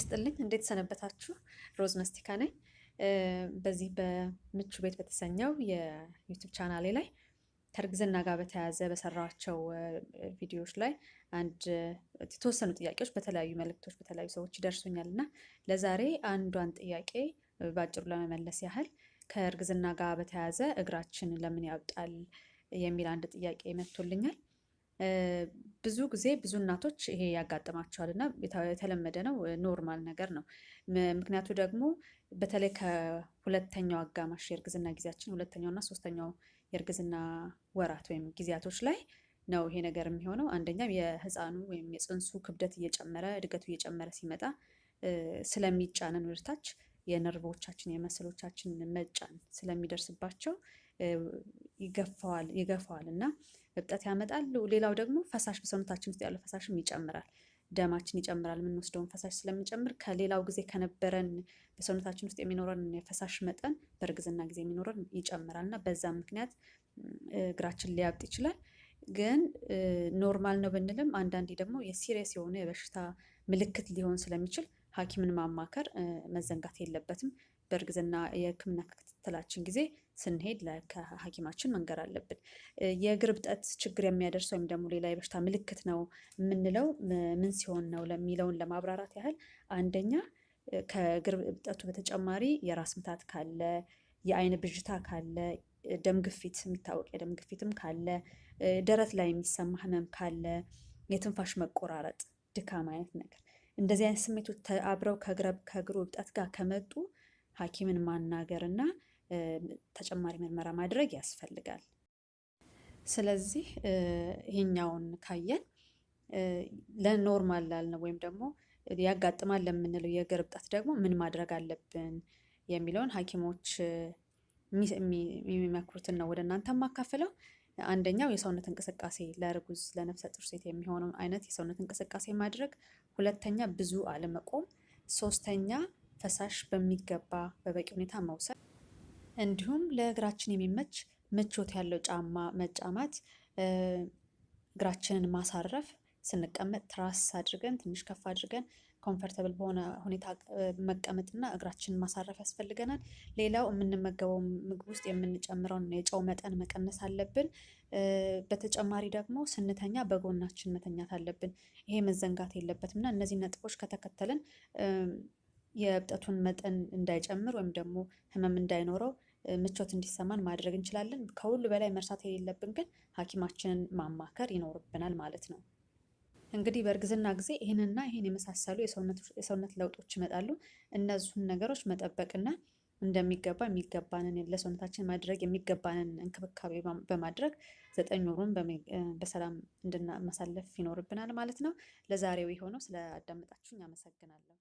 ይስጥልኝ። እንዴት ሰነበታችሁ? ሮዝ መስቲካ ነኝ። በዚህ በምቹ ቤት በተሰኘው የዩቱብ ቻናሌ ላይ ከእርግዝና ጋር በተያያዘ በሰራቸው ቪዲዮዎች ላይ አንድ የተወሰኑ ጥያቄዎች በተለያዩ መልእክቶች በተለያዩ ሰዎች ይደርሱኛል እና ለዛሬ አንዷን ጥያቄ በአጭሩ ለመመለስ ያህል ከእርግዝና ጋር በተያያዘ እግራችን ለምን ያብጣል የሚል አንድ ጥያቄ መጥቶልኛል። ብዙ ጊዜ ብዙ እናቶች ይሄ ያጋጥማቸዋል እና የተለመደ ነው፣ ኖርማል ነገር ነው። ምክንያቱ ደግሞ በተለይ ከሁለተኛው አጋማሽ የእርግዝና ጊዜያችን ሁለተኛው እና ሶስተኛው የእርግዝና ወራት ወይም ጊዜያቶች ላይ ነው ይሄ ነገር የሚሆነው። አንደኛም የህፃኑ ወይም የፅንሱ ክብደት እየጨመረ እድገቱ እየጨመረ ሲመጣ ስለሚጫነን ወደታች የነርቮቻችን የመስሎቻችን መጫን ስለሚደርስባቸው ይገፋዋል ይገፋዋል እና እብጠት ያመጣል። ሌላው ደግሞ ፈሳሽ በሰውነታችን ውስጥ ያለው ፈሳሽም ይጨምራል። ደማችን ይጨምራል። የምንወስደውን ፈሳሽ ስለሚጨምር ከሌላው ጊዜ ከነበረን በሰውነታችን ውስጥ የሚኖረን የፈሳሽ መጠን በእርግዝና ጊዜ የሚኖረን ይጨምራል እና በዛ ምክንያት እግራችን ሊያብጥ ይችላል። ግን ኖርማል ነው ብንልም አንዳንዴ ደግሞ የሲሪየስ የሆነ የበሽታ ምልክት ሊሆን ስለሚችል ሐኪምን ማማከር መዘንጋት የለበትም። በእርግዝና የሕክምና ክትትላችን ጊዜ ስንሄድ ከሐኪማችን መንገር አለብን። የእግር እብጠት ችግር የሚያደርስ ወይም ደግሞ ሌላ የበሽታ ምልክት ነው የምንለው ምን ሲሆን ነው ለሚለውን ለማብራራት ያህል አንደኛ ከእግር እብጠቱ በተጨማሪ የራስ ምታት ካለ፣ የአይን ብዥታ ካለ፣ ደም ግፊት የሚታወቅ የደም ግፊትም ካለ፣ ደረት ላይ የሚሰማ ህመም ካለ፣ የትንፋሽ መቆራረጥ፣ ድካም አይነት ነገር እንደዚህ አይነት ስሜቶች አብረው ከእግሩ እብጠት ጋር ከመጡ ሐኪምን ማናገር እና ተጨማሪ ምርመራ ማድረግ ያስፈልጋል። ስለዚህ ይሄኛውን ካየን ለኖርማል ላልነው ወይም ደግሞ ያጋጥማል ለምንለው የእግር እብጠት ደግሞ ምን ማድረግ አለብን የሚለውን ሐኪሞች የሚመክሩትን ነው ወደ እናንተ ማካፍለው። አንደኛው የሰውነት እንቅስቃሴ ለእርጉዝ ለነፍሰ ጡር ሴት የሚሆነውን አይነት የሰውነት እንቅስቃሴ ማድረግ፣ ሁለተኛ ብዙ አለመቆም፣ ሶስተኛ ፈሳሽ በሚገባ በበቂ ሁኔታ መውሰድ እንዲሁም ለእግራችን የሚመች ምቾት ያለው ጫማ መጫማት፣ እግራችንን ማሳረፍ፣ ስንቀመጥ ትራስ አድርገን ትንሽ ከፍ አድርገን ኮምፈርተብል በሆነ ሁኔታ መቀመጥና እግራችንን ማሳረፍ ያስፈልገናል። ሌላው የምንመገበው ምግብ ውስጥ የምንጨምረውን የጨው መጠን መቀነስ አለብን። በተጨማሪ ደግሞ ስንተኛ በጎናችን መተኛት አለብን። ይሄ መዘንጋት የለበትም እና እነዚህ ነጥቦች ከተከተልን የእብጠቱን መጠን እንዳይጨምር ወይም ደግሞ ህመም እንዳይኖረው ምቾት እንዲሰማን ማድረግ እንችላለን። ከሁሉ በላይ መርሳት የሌለብን ግን ሐኪማችንን ማማከር ይኖርብናል ማለት ነው። እንግዲህ በእርግዝና ጊዜ ይህንና ይህን የመሳሰሉ የሰውነት ለውጦች ይመጣሉ። እነዙን ነገሮች መጠበቅና እንደሚገባ የሚገባንን ለሰውነታችን ማድረግ የሚገባንን እንክብካቤ በማድረግ ዘጠኝ ወሩን በሰላም እንድናመሳለፍ ይኖርብናል ማለት ነው። ለዛሬው የሆነው ስለ አዳመጣችሁኝ አመሰግናለሁ።